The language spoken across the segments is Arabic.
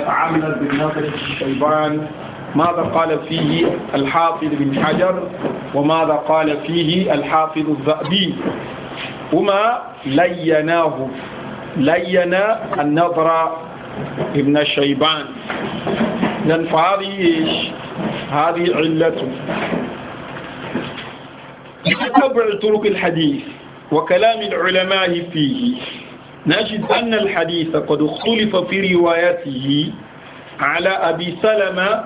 تعاملا بالناقش الشيبان ماذا قال فيه الحافظ بن حجر وماذا قال فيه الحافظ الذأبي هما ليناه لينا النظر ابن الشيبان لأن نعم، فهذه إيش هذه علته بتتبع طرق الحديث وكلام العلماء فيه نجد أن الحديث قد اختلف في روايته على أبي سلمة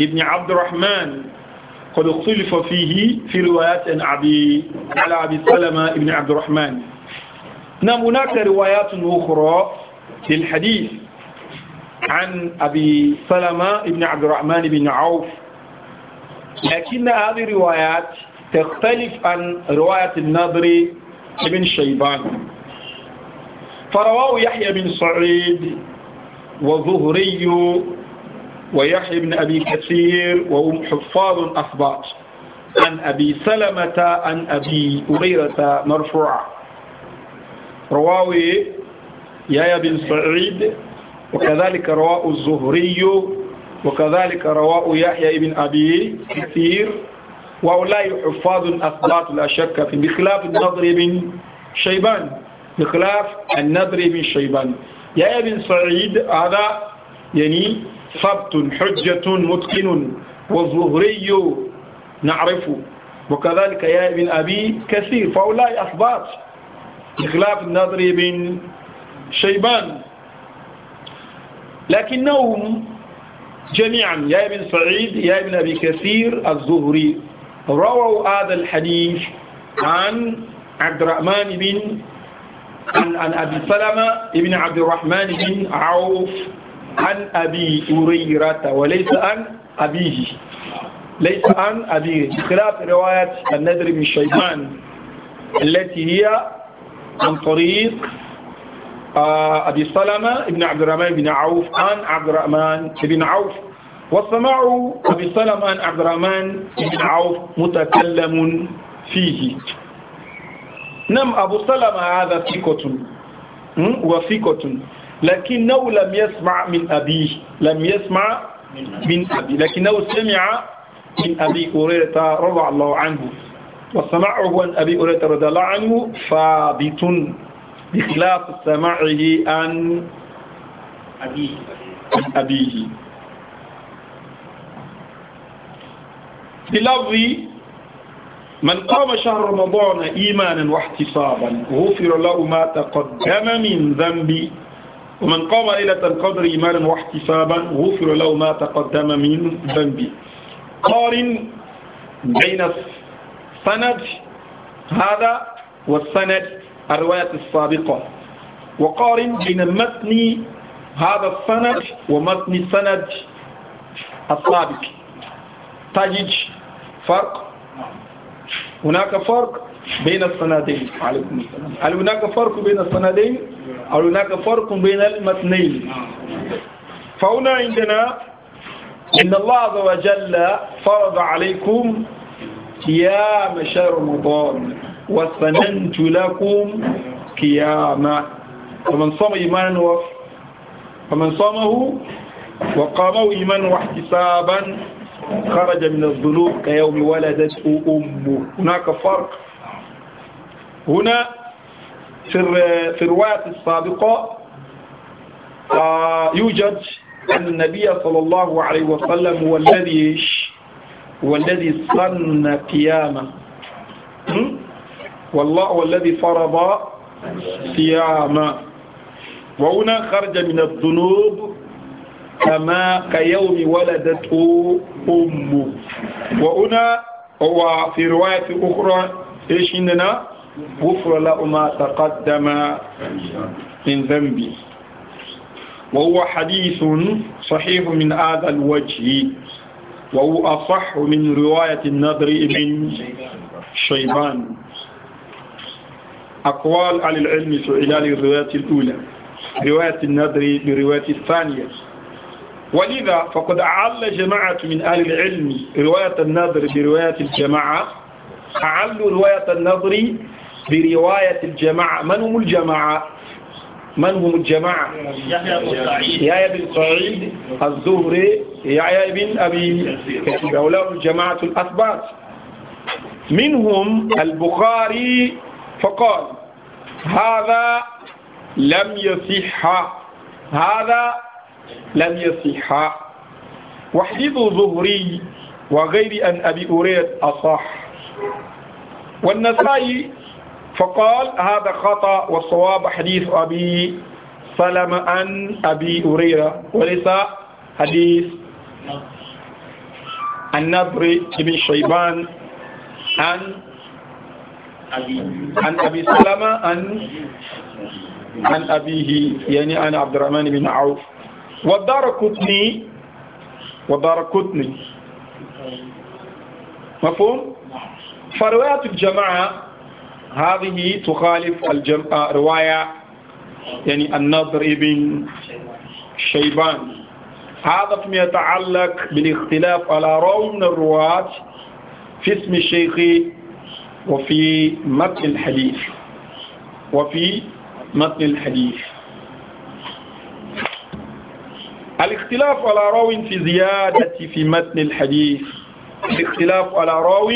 بن عبد الرحمن قد اختلف فيه في روايات أبي على أبي سلمة بن عبد الرحمن نعم هناك روايات أخرى للحديث عن أبي سلمة بن عبد الرحمن بن عوف لكن هذه الروايات تختلف عن رواية النضر بن شيبان فرواه يحيى بن سعيد وظهري ويحيى بن أبي كثير وهم حفاظ أثبات عن أبي سلمة عن أبي هريرة مرفوعة رواه يحيى بن سعيد وكذلك رواه الزهري وكذلك رواه يحيى بن أبي كثير وأولئك حفاظ أثبات لا شك في بخلاف النضر بن شيبان بخلاف النضر بن شيبان يا ابن سعيد هذا يعني ثبت حجة متقن والظهري نعرفه وكذلك يا ابن أبي كثير فأولا أثبات بخلاف النضر بن شيبان لكنهم جميعا يا ابن سعيد يا ابن أبي كثير الزهري رووا هذا الحديث عن عبد الرحمن بن عن عن أبي سلمة ابن عبد الرحمن بن عوف عن أبي هريرة وليس عن أبيه ليس عن أبيه بخلاف رواية النذر بن شيبان التي هي عن طريق آه، أبي سلمة بن عبد الرحمن بن عوف عن عبد الرحمن بن عوف وسماع أبي سلمة عن عبد الرحمن بن عوف متكلم فيه نعم أبو سلمة هذا ثقة وثقة لكنه لم يسمع من أبيه لم يسمع من أبيه لكنه سمع من أبي هريرة رضي الله عنه وسمعه عن أبي هريرة رضي الله عنه ثابت بخلاف سماعه عن أبيه عن أبيه بلفظ من قام شهر رمضان إيمانا واحتسابا غفر له ما تقدم من ذنبه ومن قام ليلة القدر إيمانا واحتسابا غفر له ما تقدم من ذنبه قارن بين السند هذا والسند الرواية السابقة وقارن بين متن هذا السند ومتن السند السابق تجد فرق هناك فرق بين السندين عليكم السلام هل هناك فرق بين السندين أو هناك فرق بين المتنين فهنا عندنا إن الله عز وجل فرض عليكم قيام شهر رمضان وسننت لكم قياما فمن صام إيمانا فمن صامه وقامه إيمانا واحتسابا خرج من الذنوب كيوم ولدته أمه هناك فرق هنا في في الروايات السابقة آه، يوجد أن النبي صلى الله عليه وسلم هو الذي هو الذي صن قياما والله هو الذي فرض صياما وهنا خرج من الذنوب كما كيوم ولدته أمه وهنا هو في رواية أخرى إيش عندنا غفر له ما تقدم من ذنبي وهو حديث صحيح من هذا الوجه وهو أصح من رواية النضر بن شيبان أقوال على العلم في الرواية الأولى رواية النضر برواية الثانية ولذا فقد أعل جماعة من أهل العلم رواية النظر برواية الجماعة أعل رواية النظر برواية الجماعة من هم الجماعة؟ من هم الجماعة؟ يحيى بن سعيد الزهري يحيى بن أبي هؤلاء الجماعة الأثبات منهم البخاري فقال هذا لم يصح هذا لم يصح وحديث الظهري وغير أن أبي هريرة أصح والنسائي فقال هذا خطأ والصواب حديث أبي سلمة عن أبي هريرة وليس حديث النضر بن شيبان عن عن أبي سلمة عن عن أبيه يعني أنا عبد الرحمن بن عوف ودار كتني ودار كتني مفهوم فرواية الجماعة هذه تخالف الجماعة رواية يعني النضر ابن شيبان هذا فيما يتعلق بالاختلاف على رون الرواة في اسم الشيخ وفي متن الحديث وفي متن الحديث الاختلاف على راو في زيادة في متن الحديث الاختلاف على راو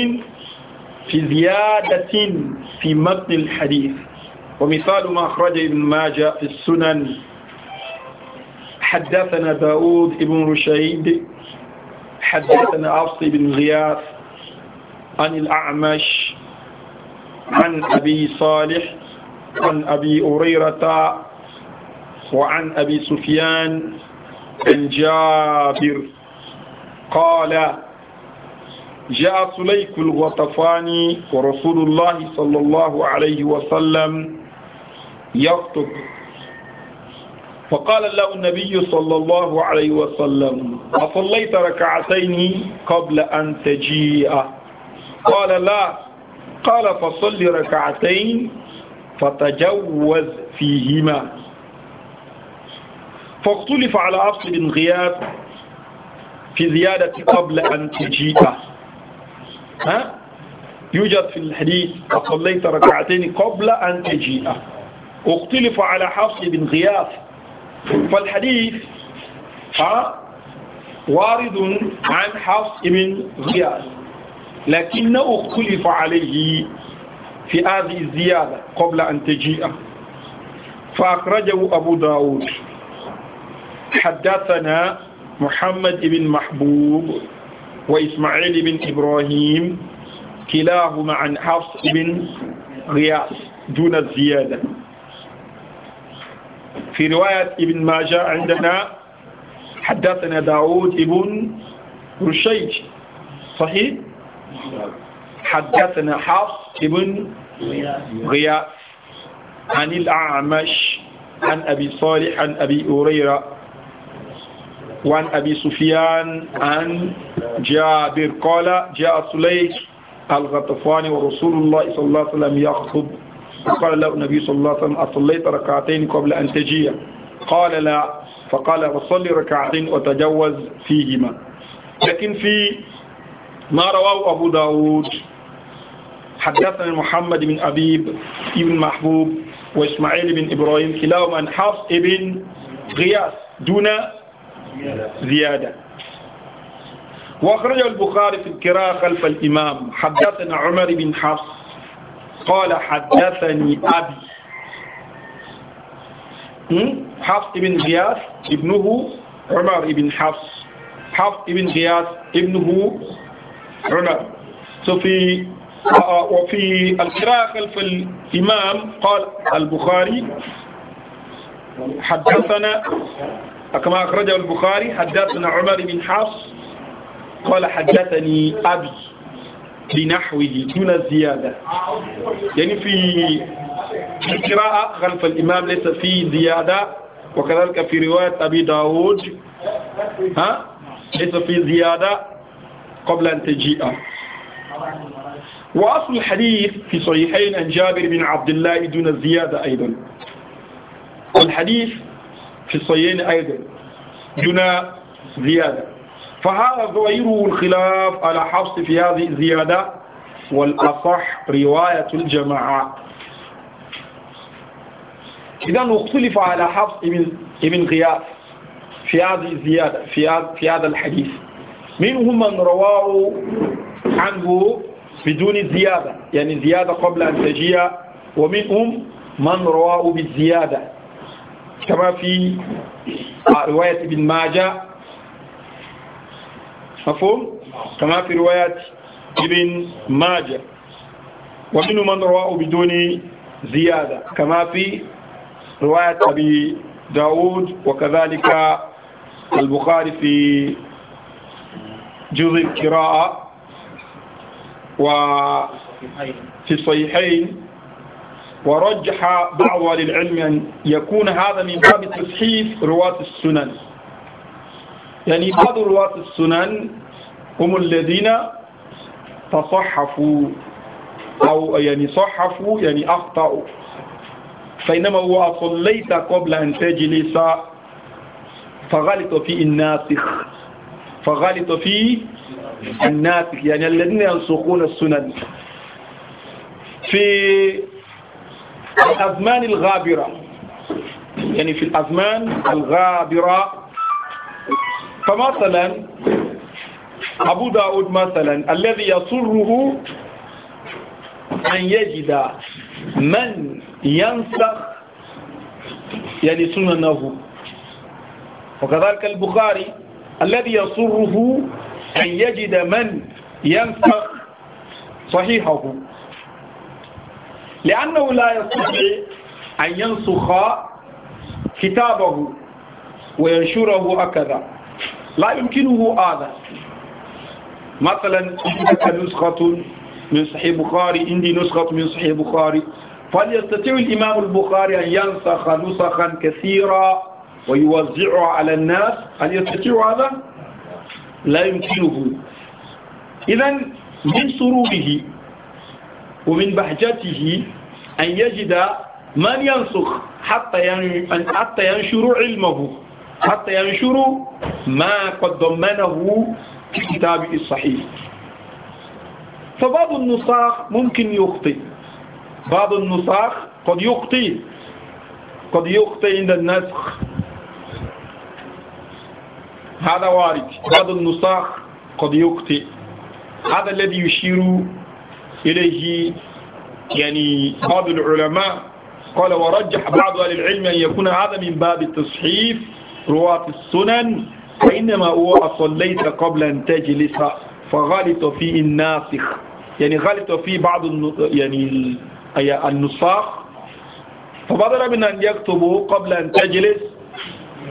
في زيادة في متن الحديث ومثال ما أخرج ابن ماجه في السنن حدثنا داود ابن رشيد حدثنا عاص بن غياث عن الأعمش عن أبي صالح عن أبي هريرة وعن أبي سفيان عن جابر قال جاء سليك الغطفاني ورسول الله صلى الله عليه وسلم يخطب فقال له النبي صلى الله عليه وسلم أصليت ركعتين قبل أن تجيء قال لا قال فصل ركعتين فتجوز فيهما فاختلف على أصل بن غياث في زيادة قبل أن تجيء ها يوجد في الحديث صليت ركعتين قبل أن تجيء اختلف على حفص بن غياث فالحديث ها وارد عن حفص بن غياث لكنه اختلف عليه في هذه الزيادة قبل أن تجيء فأخرجه أبو داود حدثنا محمد بن محبوب وإسماعيل بن إبراهيم كلاهما عن حفص بن غياث دون الزيادة في رواية ابن ماجه عندنا حدثنا داود بن رشيد صحيح حدثنا حفص بن غياث عن الأعمش عن أبي صالح عن أبي هريرة وعن أبي سفيان عن جابر قال جاء سليك الغطفان ورسول الله صلى الله عليه وسلم يخطب فقال له النبي صلى الله عليه وسلم أصليت ركعتين قبل أن تجيء قال لا فقال وصلي ركعتين وتجوز فيهما لكن في ما رواه أبو داود حدثنا محمد بن أبيب ابن محبوب وإسماعيل بن إبراهيم كلاهما عن حفص ابن غياث دون زيادة وأخرج البخاري في الكراء خلف الإمام حدثنا عمر بن حفص قال حدثني أبي حفص بن غياث ابنه عمر بن حفص حفص بن غياث ابنه عمر ففي آه، آه، وفي القراءة خلف الإمام قال البخاري حدثنا كما أخرجه البخاري حدثنا عمر بن حفص قال حدثني أبي بنحوه دون زيادة يعني في القراءة خلف الإمام ليس في زيادة وكذلك في رواية أبي داود ها ليس في زيادة قبل أن تجيء وأصل الحديث في صحيحين عن جابر بن عبد الله دون زيادة أيضا الحديث في الصيين أيضا دون زيادة فهذا ظاهره الخلاف على حفص في هذه الزيادة والأصح رواية الجماعة إذا اختلف على حفص ابن غياث في هذه الزيادة في هذا في هذا الحديث منهم من رواه عنه بدون زيادة يعني زيادة قبل أن تجيء ومنهم من رواه بالزيادة كما في آه, رواية ابن ماجه مفهوم كما في رواية ابن ماجه ومن من رواه بدون زيادة كما في رواية أبي داود وكذلك البخاري في جزء القراءة وفي الصحيحين ورجح بعض أهل العلم أن يكون هذا من باب تصحيف رواة السنن يعني بعض رواة السنن هم الذين تصحفوا أو يعني صحفوا يعني أخطأوا فإنما هو صليت قبل أن تجلس فغلط فيه الناسخ فغلط فيه الناسخ يعني الذين ينسخون السنن في الأزمان الغابرة يعني في الأزمان الغابرة فمثلا أبو داود مثلا الذي يسره أن يجد من ينسخ يعني سننه وكذلك البخاري الذي يسره أن يجد من ينسخ صحيحه لأنه لا يستطيع أن ينسخ كتابه وينشره هكذا لا يمكنه هذا مثلا عندك نسخة من صحيح بخاري عندي نسخة من صحيح بخاري فليستطيع الإمام البخاري أن ينسخ نسخا كثيرة ويوزعها على الناس هل يستطيع هذا؟ لا يمكنه إذا من سروره ومن بهجته أن يجد من ينسخ حتى حتى ينشر علمه حتى ينشر ما قد ضمنه في كتابه الصحيح فبعض النساخ ممكن يخطئ بعض النساخ قد يخطئ قد يخطئ عند النسخ هذا وارد بعض النساخ قد يخطئ هذا الذي يشير إليه يعني بعض العلماء قال ورجح بعض أهل العلم أن يكون هذا من باب التصحيف رواة السنن فإنما هو أصليت قبل أن تجلس فغلط فيه الناسخ يعني غلط فيه بعض يعني النساخ فبدل من أن يكتبوا قبل أن تجلس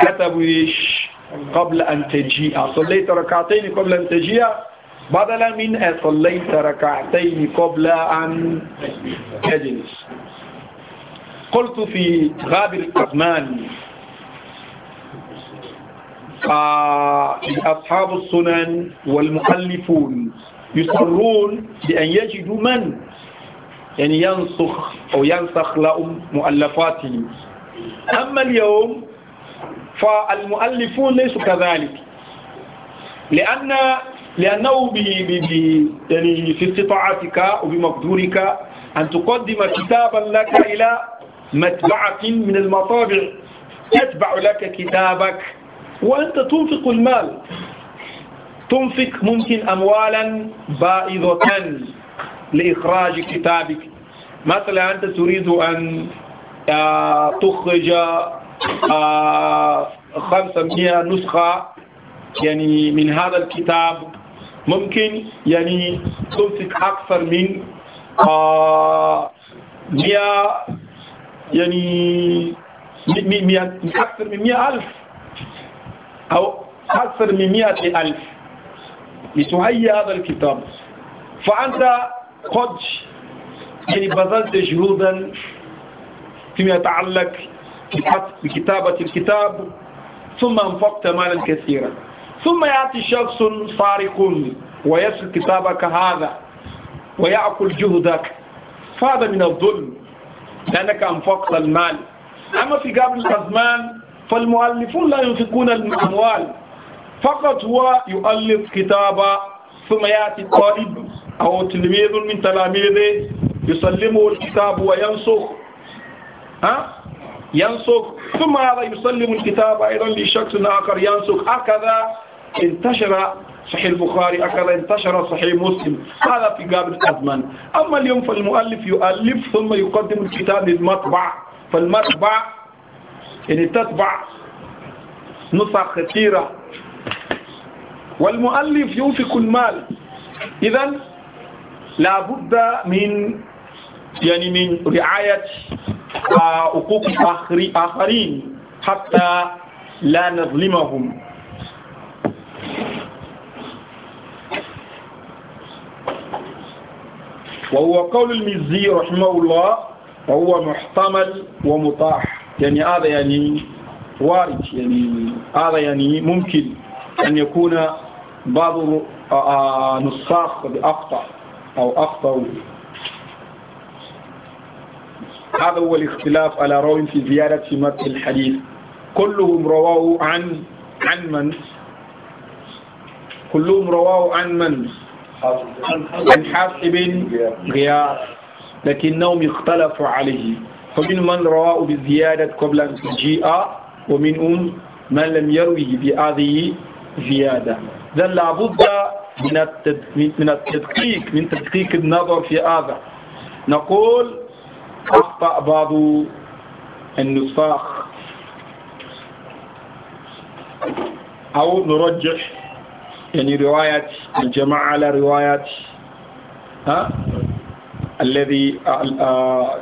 كتبوا إيش قبل أن تجيء صليت ركعتين قبل أن تجيء بدلا من أصليت ركعتين قبل أن أجلس قلت في غاب الأزمان آه، أصحاب السنن والمؤلفون يصرون بأن يجدوا من يعني ينسخ أو ينسخ لهم مؤلفاتهم أما اليوم فالمؤلفون ليسوا كذلك لأن لأنه ب ب ب يعني في استطاعتك وبمقدورك أن تقدم كتابا لك إلى متبعة من المطابع يتبع لك كتابك وأنت تنفق المال تنفق ممكن أموالا بائضة لإخراج كتابك مثلا أنت تريد أن آه، تخرج 500 آه، نسخة يعني من هذا الكتاب ممكن يعني تمسك أكثر من آه، مية يعني مئة أكثر من مية ألف أو أكثر من مية ألف لتهيئ هذا الكتاب فأنت قد يعني بذلت جهودا فيما يتعلق بكتابة الكتاب ثم أنفقت مالا كثيرا ثم يأتي شخص فارق ويسل كتابك هذا ويأكل جهدك فهذا من الظلم لأنك أنفقت المال أما في قبل الأزمان فالمؤلفون لا ينفقون الأموال فقط هو يؤلف كتابا ثم يأتي طالب أو تلميذ من تلاميذه يسلمه الكتاب وينسخ ها ينسخ ثم هذا يسلم الكتاب أيضا لشخص آخر ينسخ هكذا انتشر صحيح البخاري هكذا انتشر صحيح مسلم هذا في قابل أزمان أما اليوم فالمؤلف يؤلف ثم يقدم الكتاب للمطبع فالمطبع يعني تتبع نسخ كثيرة والمؤلف ينفق المال إذا لابد من يعني من رعاية حقوق آخرين حتى لا نظلمهم وهو قول المزي رحمه الله وهو محتمل ومطاح يعني هذا يعني وارد يعني هذا يعني ممكن أن يكون بعض آه، آه، نصاق قد أخطأ أو أخطأوا هذا هو الاختلاف على روي في زيادة في متن الحديث كلهم رواه عن عن من كلهم رواه عن من من حاسب غياث لكنهم اختلفوا عليه فمن من رواه بزيادة قبل أن تجيء ومنهم من لم يروه بهذه زيادة إذا لابد من من التدقيق من تدقيق النظر في هذا نقول أخطأ بعض النساخ أو نرجح يعني رواية الجماعة على رواية ها الذي آه، آه،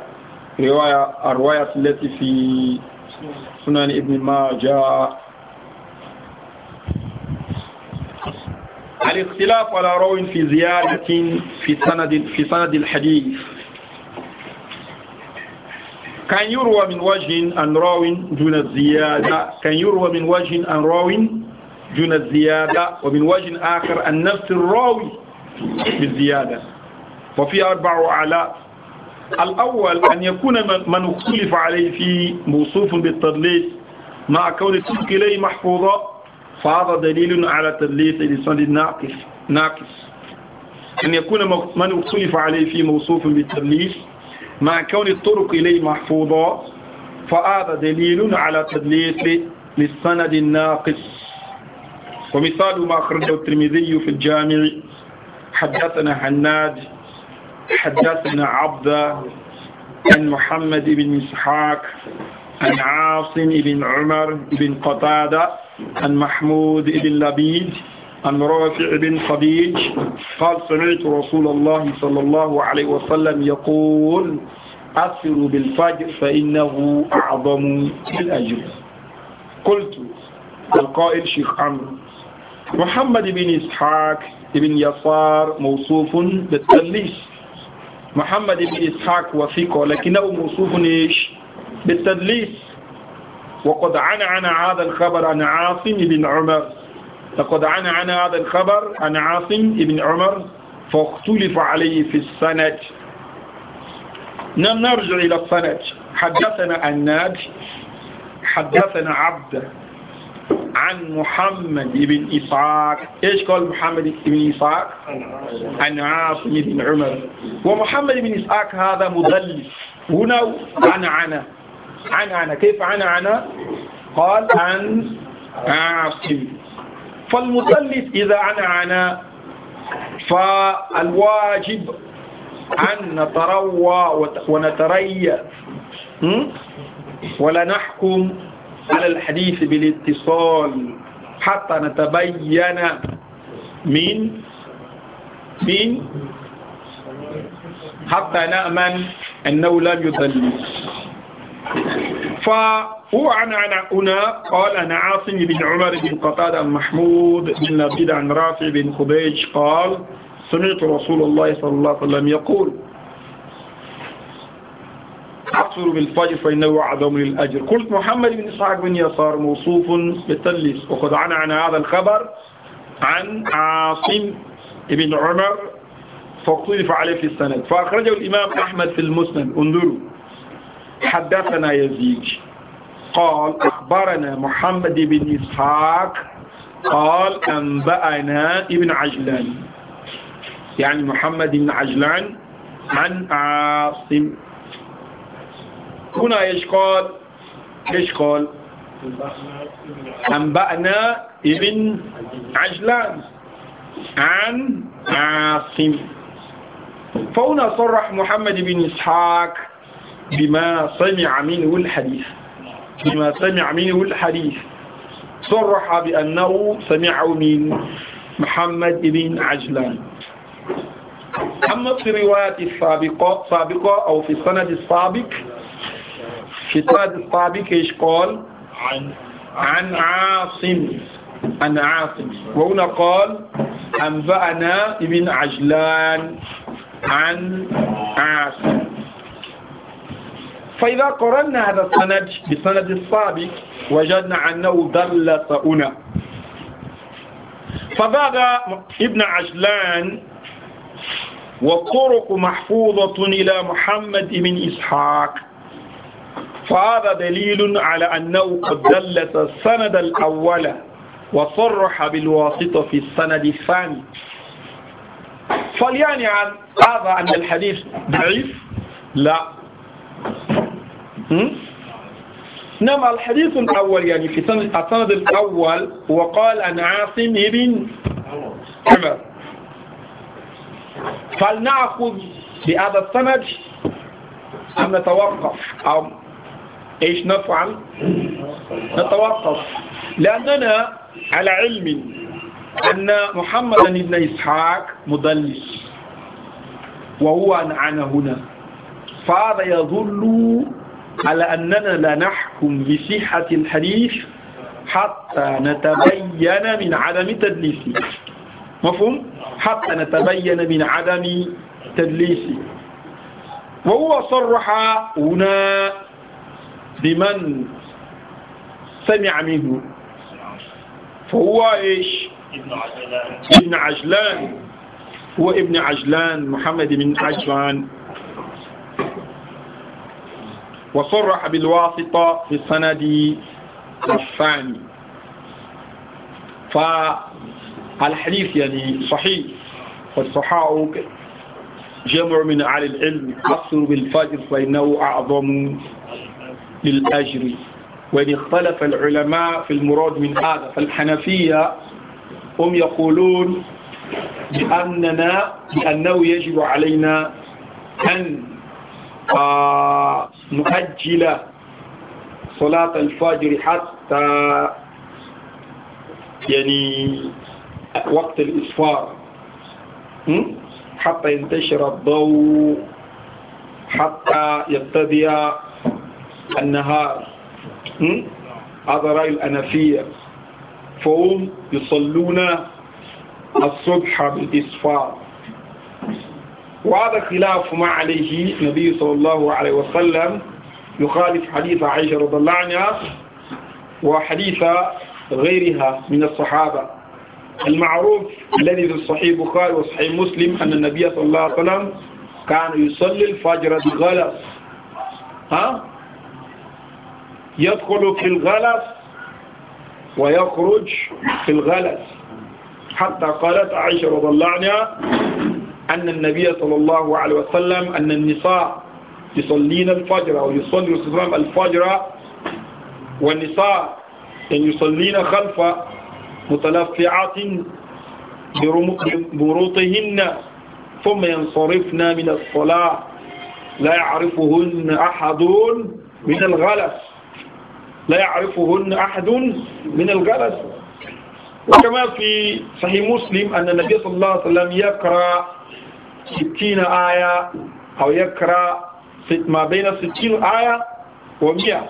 رواية الرواية التي في سنن ابن ماجه الاختلاف على روي في زيادة في سند في سند الحديث كان يروى من وجه أن راو دون الزيادة كان يروى من وجه أن راو دون الزيادة ومن وجه آخر النفس الراوي بالزيادة وفي أربع أعلى الأول أن يكون من اختلف عليه فيه موصوف بالتدليس مع كون السلك إليه محفوظة فهذا دليل على تدليس الإنسان الناقص ناقص أن يكون من اختلف عليه فيه موصوف بالتدليس مع كون الطرق إليه محفوظة فهذا دليل على تدليس للسند الناقص ومثال ما أخرجه الترمذي في الجامع حدثنا حناد حدثنا عبد عن محمد بن إسحاق عن عاصم بن عمر بن قتادة عن محمود بن لبيد عن رافع بن خديج قال سمعت رسول الله صلى الله عليه وسلم يقول أسروا بالفجر فإنه أعظم الأجر قلت القائل شيخ عمرو محمد بن إسحاق بن يسار موصوف بالتدليس محمد بن إسحاق وثيق لكنه موصوف إيش بالتدليس وقد عن عن هذا الخبر عن عاصم بن عمر لقد عن عن هذا الخبر عن عاصم بن عمر فاختلف عليه في السند نرجع إلى السند حدثنا الناج حدثنا عبد عن محمد بن إسحاق إيش قال محمد بن إسحاق عن عاصم بن عمر ومحمد بن إسحاق هذا مدلس هنا عن عنا عن عنا كيف عن عنا قال عن عاصم فالمدلس إذا عن عنا فالواجب أن نتروى ونتريى ولا نحكم على الحديث بالاتصال حتى نتبين من من حتى نأمن أنه لم يضل فهو عن هنا قال عن عاصم بن عمر بن قتادة بن محمود بن لبيد عن رافع بن خبيج قال سمعت رسول الله صلى الله عليه وسلم يقول واعصر بالفجر فإنه أعظم للأجر قلت محمد بن إسحاق بن يسار موصوف بالتلس وقد عنا عن هذا الخبر عن عاصم بن عمر فاقتلف عليه في السند فأخرجه الإمام أحمد في المسند انظروا حدثنا يزيد قال أخبرنا محمد بن إسحاق قال أنبأنا ابن عجلان يعني محمد بن عجلان عن عاصم هنا إيش قال إيش قال أنبأنا ابن عجلان عن عاصم فهنا صرح محمد بن إسحاق بما سمع منه الحديث بما سمع منه الحديث صرح بأنه سمعه من محمد بن عجلان أما في الرواية السابقة سابقة أو في السند السابق شداد الطابكش قال عن عاصم عن عاصم وهنا قال أنبأنا ابن عجلان عن عاصم فإذا قرنا هذا السند بسند السابق وجدنا أنه ضل هنا فبعد ابن عجلان والطرق محفوظة إلى محمد بن إسحاق فهذا دليل على أنه قد دلت السند الأول وصرح بالواسطة في السند الثاني فليعني عن هذا أن الحديث ضعيف لا نعم الحديث الأول يعني في السند الأول وقال عن عاصم ابن عمر فلنأخذ بهذا السند أم نتوقف أو إيش نفعل نتوقف لأننا على علم أن محمد بن إسحاق مدلس وهو عن هنا فهذا يدل على أننا لا نحكم بصحة الحديث حتى نتبين من عدم تدليسه مفهوم؟ حتى نتبين من عدم تدليسه وهو صرح هنا بمن سمع منه فهو إيش ابن عجلان ابن عجلان هو ابن عجلان محمد بن عجلان وصرح بالواسطة في السند الثاني فالحديث يعني صحيح والصحاء جمع من أهل العلم أصل بالفجر فإنه أعظم للأجر وإن اختلف العلماء في المراد من هذا فالحنفية هم يقولون بأننا بأنه يجب علينا أن آه، نؤجل صلاة الفجر حتى يعني وقت الإسفار حتى ينتشر الضوء حتى يبتدئ النهار هذا رأي الأنفية فهم يصلون الصبح بالإصفار وهذا خلاف ما عليه النبي صلى الله عليه وسلم يخالف حديث عائشة رضي الله عنها وحديث غيرها من الصحابة المعروف الذي في الصحيح البخاري وصحيح مسلم أن النبي صلى الله عليه وسلم كان يصلي الفجر بغلس ها يدخل في الغلس ويخرج في الغلس حتى قالت عائشة رضي الله عنها أن النبي صلى الله عليه وسلم أن النساء يصلين الفجر أو يصلي الإسلام الفجر والنساء يصلين خلف متلفعات بروطهن ثم ينصرفن من الصلاة لا يعرفهن أحد من الغلس لا يعرفهن أحد من الجلس وكما في صحيح مسلم أن النبي صلى الله عليه وسلم يقرأ ستين آية أو يقرأ ما بين ستين آية ومئة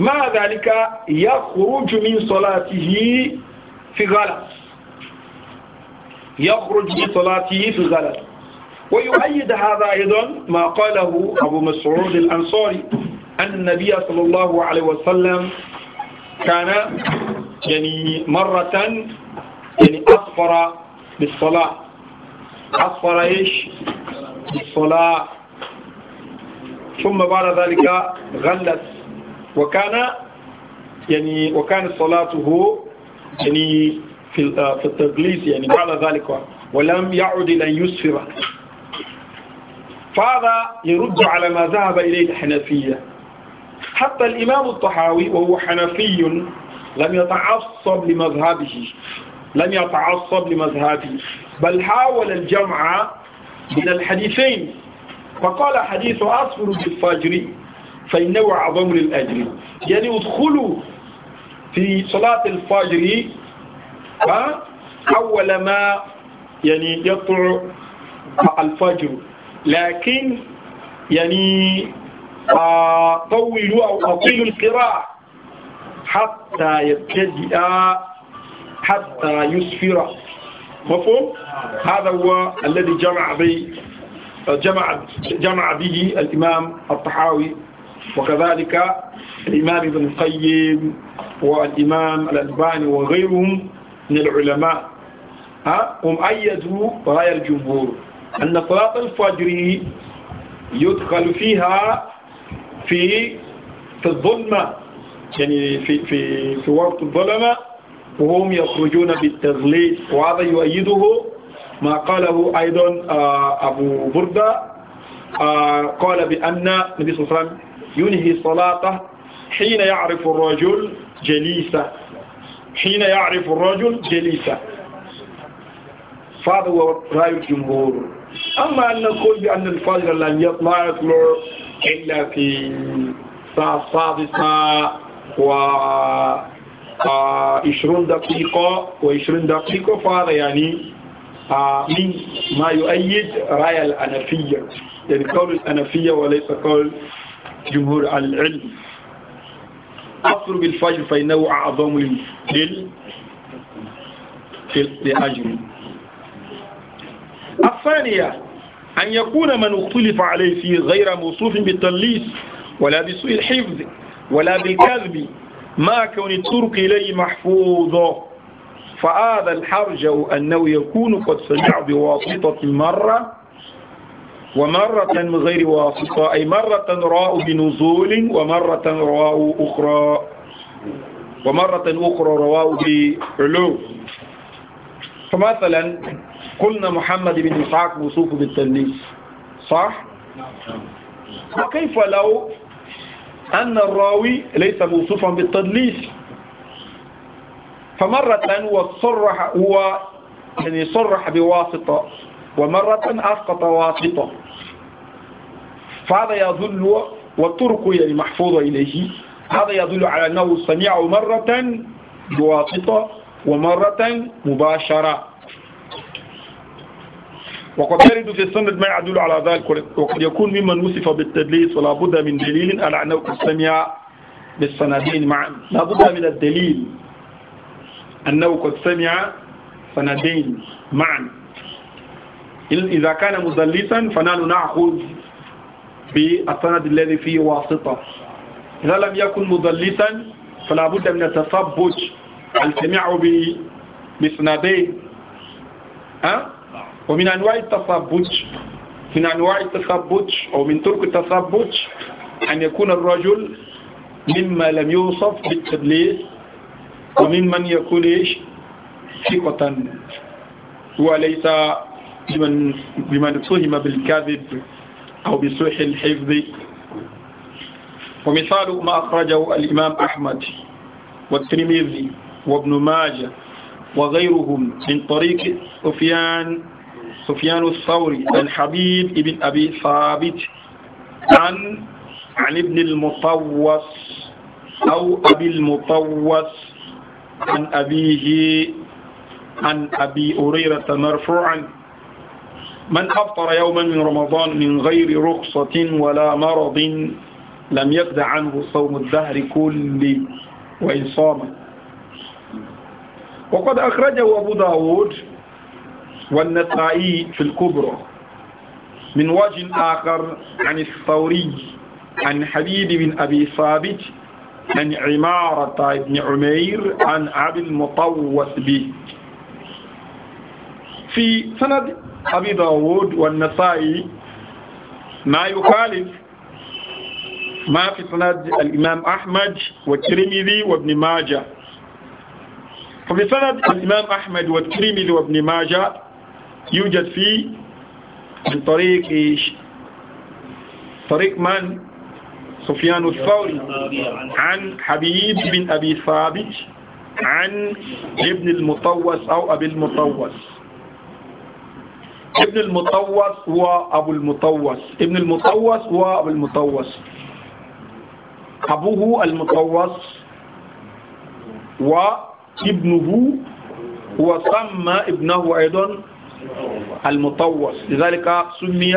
مع ذلك يخرج من صلاته في غلط يخرج من صلاته في غلط ويؤيد هذا أيضا ما قاله أبو مسعود الأنصاري أن النبي صلى الله عليه وسلم كان يعني مرة يعني أصفر بالصلاة أصفر إيش بالصلاة ثم بعد ذلك غلس وكان يعني وكان صلاته يعني في آه، في التغليس يعني بعد ذلك ولم يعد إلى أن يسفر فهذا يرد على ما ذهب إليه الحنفية حتى الإمام الطحاوي وهو حنفي لم يتعصب لمذهبه لم يتعصب لمذهبه بل حاول الجمع بين الحديثين فقال حديث أصفر بالفجر فإنه أعظم للأجر يعني ادخلوا في صلاة الفجر أول ما يعني يطلع الفجر لكن يعني طولوا أو أطيلوا القراءة حتى يبتدئ حتى يسفر مفهوم هذا هو الذي جمع به جمع جمع به الإمام الطحاوي وكذلك الإمام ابن القيم والإمام الألباني وغيرهم من العلماء ها هم أيدوا رأي الجمهور أن صلاة الفجر يدخل فيها في في الظلمة يعني في في في وقت الظلمة وهم يخرجون بالتظليل وهذا يؤيده ما قاله أيضا آه، أبو بردة آه، قال بأن النبي صلى الله عليه وسلم ينهي صلاته حين يعرف الرجل جليسة حين يعرف الرجل جليسة فهذا هو رأي الجمهور أما أن نقول بأن الفجر لم يطلع يطلع إلا في السادسة و آه، عشرون دقيقة دقيقة فهذا يعني آه، من ما يؤيد رأي الأنفية يعني قول الأنفية وليس قول جمهور العلم أصل بالفجر فإنه أعظم لل لأجل الثانية أن يكون من اختلف عليه فيه غير موصوف بالتلليس ولا بسوء الحفظ ولا بالكذب ما كون الترك إليه محفوظا فهذا الحرج أنه يكون قد سمع بواسطة مرة ومرة من غير واسطة أي مرة راء بنزول ومرة راء أخرى ومرة أخرى رواه بعلو فمثلا قلنا محمد بن إسحاق موصوف بالتدليس صح؟ وكيف لو أن الراوي ليس موصوفا بالتدليس فمرة هو صرح هو يعني صرح بواسطة ومرة أسقط واسطة فهذا يدل والطرق يعني محفوظ إليه هذا يدل على أنه سمعه مرة بواسطة ومرة مباشرة وقد يرد في السند ما يدل على ذلك وقد يكون ممن وصف بالتدليس ولا بد من دليل على أنه قد سمع بالسندين معا لا بد من الدليل أنه قد سمع سندين معا إذا كان مدلسا فنحن نأخذ بالسند الذي فيه واسطة إذا لم يكن مدلسا فلا بد من التثبت السماع بسندين ها أه؟ ومن أنواع التثبت من أنواع التثبت أو من طرق التثبت أن يكون الرجل مما لم يوصف بالتدليس وممن يكون إيش ثقة وليس بمن بمن اتهم بالكذب أو بسوء الحفظ ومثال ما أخرجه الإمام أحمد والترمذي وابن ماجه وغيرهم من طريق سفيان سفيان الثوري عن حبيب بن أبي ثابت عن عن ابن المطوس أو أبي المطوس عن أبيه عن أبي هريرة مرفوعا من أفطر يوما من رمضان من غير رخصة ولا مرض لم يقد عنه صوم الدهر كله وإن صام وقد أخرجه أبو داود والنسائي في الكبرى من وجه آخر عن الثوري عن حبيب بن أبي ثابت عن عمارة بن عمير عن أبي المطوس به في سند أبي داود والنسائي ما يخالف ما في سند الإمام أحمد والترمذي وابن ماجه ففي سند الإمام أحمد والترمذي وابن ماجه يوجد فيه من طريق إيش طريق من سفيان الثوري عن حبيب بن أبي ثابت عن ابن المطوس أو أبي المطوس ابن المطوس هو أبو المطوس ابن المطوس هو أبو المطوس أبوه المطوس وابنه هو سمى ابنه أيضا المطوس لذلك سمي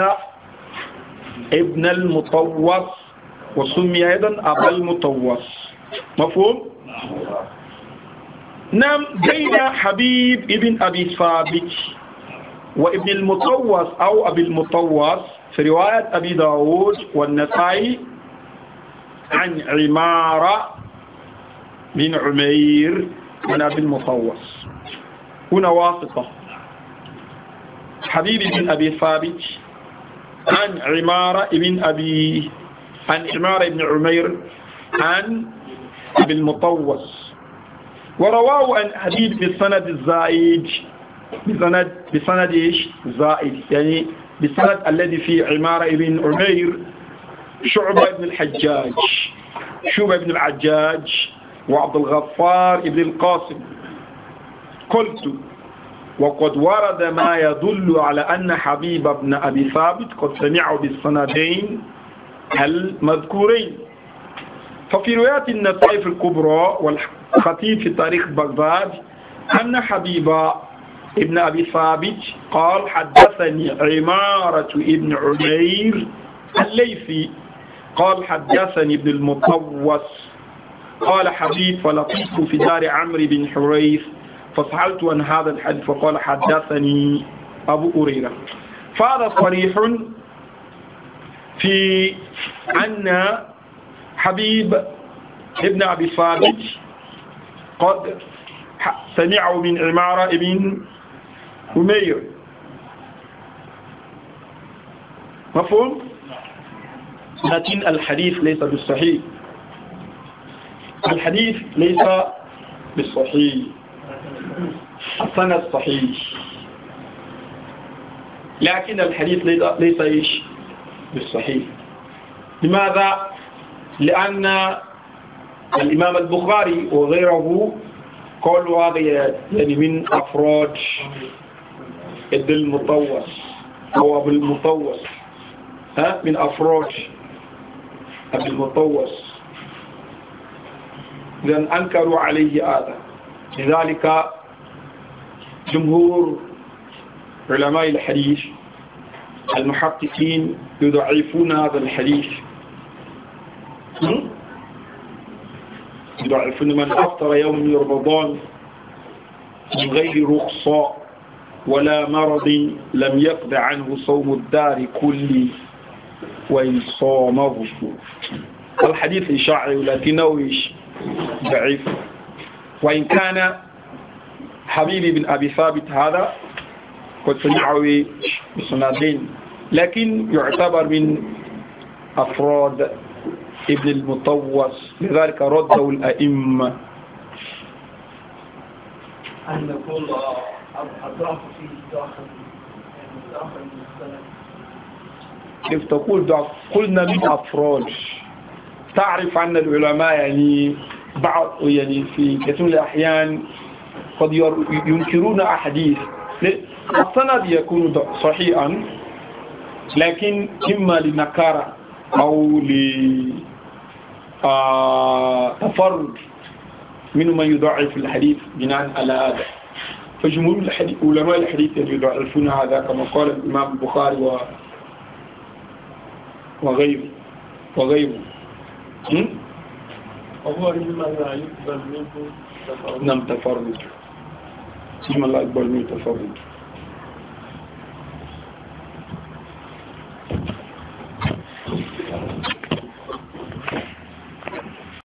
ابن المطوس وسمي أيضا أبا المطوس مفهوم؟ نعم بين حبيب ابن أبي ثابت وابن المطوس أو أبي المطوس في رواية أبي داود والنسائي عن عمارة بن عمير من أبي المطوس هنا واسطة حبيب بن أبي ثابت عن عمارة بن أبي عن عمارة بن عمير عن أبي المطوس ورواه عن حبيب بسند الزائد بسند بسند ايش؟ زائد يعني بسند الذي في عمارة بن عمير شعبة بن الحجاج شعبة بن العجاج وعبد الغفار بن القاسم قلت وقد ورد ما يدل على أن حبيب بن أبي ثابت قد سمع بالسندين المذكورين ففي رواية النسائي في الكبرى والخطيب في تاريخ بغداد أن حبيب ابن أبي ثابت قال حدثني عمارة ابن عمير الليثي قال حدثني ابن المطوس قال حبيب فلطيف في دار عمرو بن حريث فسألت عن هذا الحديث فقال حدثني أبو أريرة فهذا صريح في أن حبيب ابن أبي ثابت قد سمعه من عمارة ابن أمير مفهوم؟ لكن الحديث ليس بالصحيح الحديث ليس بالصحيح السند صحيح لكن الحديث ليس ايش بالصحيح لماذا لأن الإمام البخاري وغيره قالوا هذا يعني من أفراد الدل المطوس أو أبو المطوس ها من أفراد أبو المطوس إذا أنكروا عليه هذا لذلك جمهور علماء الحديث المحققين يضعفون هذا الحديث يضعفون من أفطر يوم رمضان من غير رخصة ولا مرض لم يقض عنه صوم الدار كله وإن صامه الحديث شاعر لكنه ضعيف وإن كان حبيبي بن أبي ثابت هذا قد سمعه نعم، بسنادين لكن يعتبر من أفراد ابن المطوس لذلك رده الأئمة أن يقول الضعف فيه كيف تقول ضعف قلنا من أفراد تعرف أن العلماء يعني بعض يعني في كثير من الأحيان قد ينكرون أحاديث السند يكون صحيحا لكن إما لنكارة أو لتفرد آه، من من يضعف الحديث بناء على هذا فجمهور علماء الحديث يضعفون هذا كما قال الإمام البخاري وغيره وغيره وهو مما لا يقبل منه نعم تفرد بسم الله أكبر من التفضل